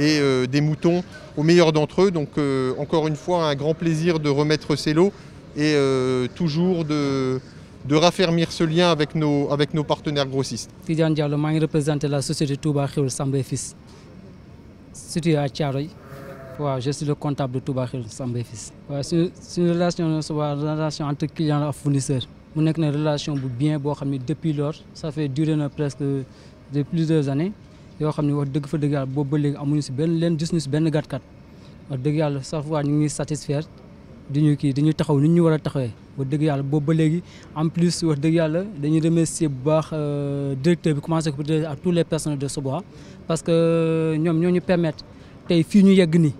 et euh, des moutons au meilleur d'entre eux. Donc euh, encore une fois, un grand plaisir de remettre ces lots et euh, toujours de, de raffermir ce lien avec nos, avec nos partenaires grossistes. Tidiane Diallo, je représente la société Touba Khéoul Sambé Fils, située à Tiaroy. je suis le comptable de Touba Khéoul Sambé Fils. Ouais, c'est une relation, relation entre client et fournisseur. C'est une relation bien, depuis lors, ça fait durer presque de plusieurs années. yoo xam ne wax dëgg fa dëgg yàlla boobu ba léegi amuñu si benn leen gis ñu si benn gàtkat wax dëgg yàlla chaque fois ñu ngi satisfaire di ñu kii di ñu taxaw ni ñu war a taxawee wax dëgg yàlla boobu ba léegi en plus wax dëgg yàlla dañuy remercier bu baax euh, directeur bi commencé ko à tous les personnels de Soboa parce que euh, ñoom ñoo ñu permettre tey fii ñu yegg nii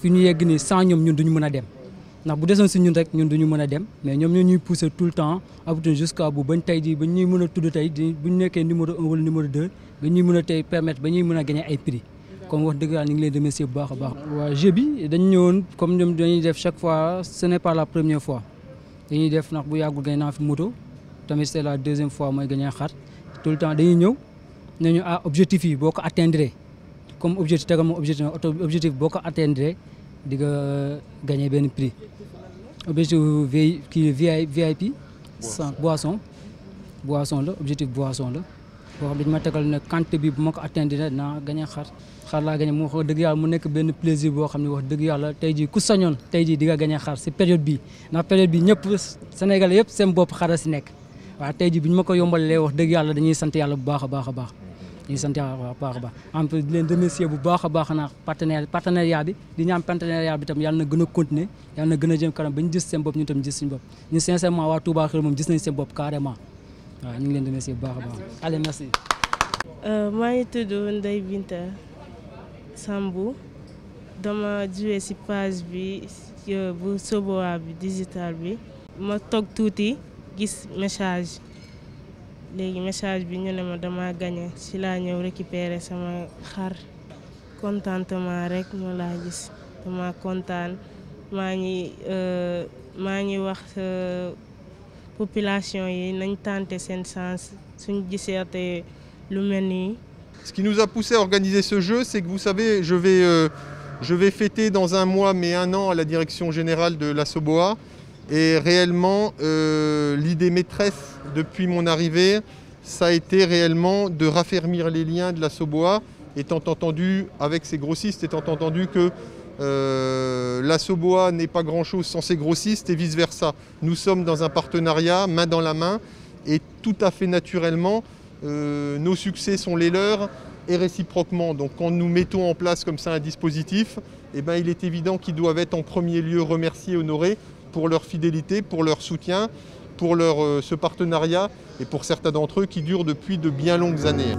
fii ñu yegg nii sans ñoom ñun duñu mën a dem ndax bu desoon si ñun rek ñun duñu mën a dem mais ñoom ñoo ñuy pousser tout le temps aboutin jusqu'à bu bañ tey jii ba ñuy mën a tudd tey di bu nekkee numéro un wala numéro deux ba ñuy mën a tey permettre ba ñuy mën a gagner ay prix comme wax dëgg yàlla ngi leen remercier bu baax a baax waa jeu bi dañu ñëwoon dañuy def chaque fois ce n'est pas la première fois dañuy def nax bu yàggul gañ naa fi moto tamit c'est la deuxième fois mooy gañee xar tout le temps dañuy ñëw ñu a ah, objectif yi boo ko atteindre comme objectif tegal moom objectif objectif boo ko atteindre di nga gagné benn prix objectif vi kii VIP sans boisson boisson la objectif boisson la boo xam dañu ma tegal ne quantité bi bu ma ko atteindre na naa gagné xar xar laa gagné mu dëgg yàlla mu nekk benn plaisir boo xam ne wax dëgg yàlla tey jii ku sañoon tey jii di nga gagné xar si période bii ndax période bi ñëpp Sénégal yëpp seen bopp xara si nekk waaw tey ji bu ñu ma ko yombalee wax dëgg yàlla dañuy sant yàlla bu baax a baax a baax ñu sant yàlla baax a baax en plus di leen remercier bu baax baax na partenaire partenariat bi di ñaan partenariat bi tam yàlla na gën a continuer yàlla na gën a jëm kanam ba ñu gis seen bopp ñu tam gis suñu bopp ñu sincèrement waa Touba Xel moom gis nañ seen bopp carrément waaw ñu ngi leen di remercier bu baax a baax allez merci. Euh, maa ngi tudd Ndeye Binta Sambou dama juwe si page bi euh, bu Soboa bi digital bi ma toog tuuti gis message. léegi message bi ñu ne ma dama gagné si laa ñëw récupérer sama xar contentement rek ñu laa gis dama kontaan maa ngi euh, maa ngi wax euh, population yi nañ tenter seen sens suñ gisee lu mel nii. Ce qui nous a poussé à organiser ce jeu, c'est que vous savez, je vais, euh, je vais fêter dans un mois, mais un an à la direction générale de la Soboa. Et réellement, euh, l'idée maîtresse depuis mon arrivée, ça a été réellement de raffermir les liens de la Soboa, étant entendu, avec ses grossistes, étant entendu que euh, la Soboa n'est pas grand-chose sans ses grossistes et vice-versa. Nous sommes dans un partenariat, main dans la main, et tout à fait naturellement, euh, nos succès sont les leurs et réciproquement. Donc quand nous mettons en place comme ça un dispositif, eh il est évident qu'ils doivent être en premier lieu remerciés, honorés, pour leur fidélité, pour leur soutien, pour leur, euh, ce partenariat et pour certains d'entre eux qui durent depuis de bien longues années.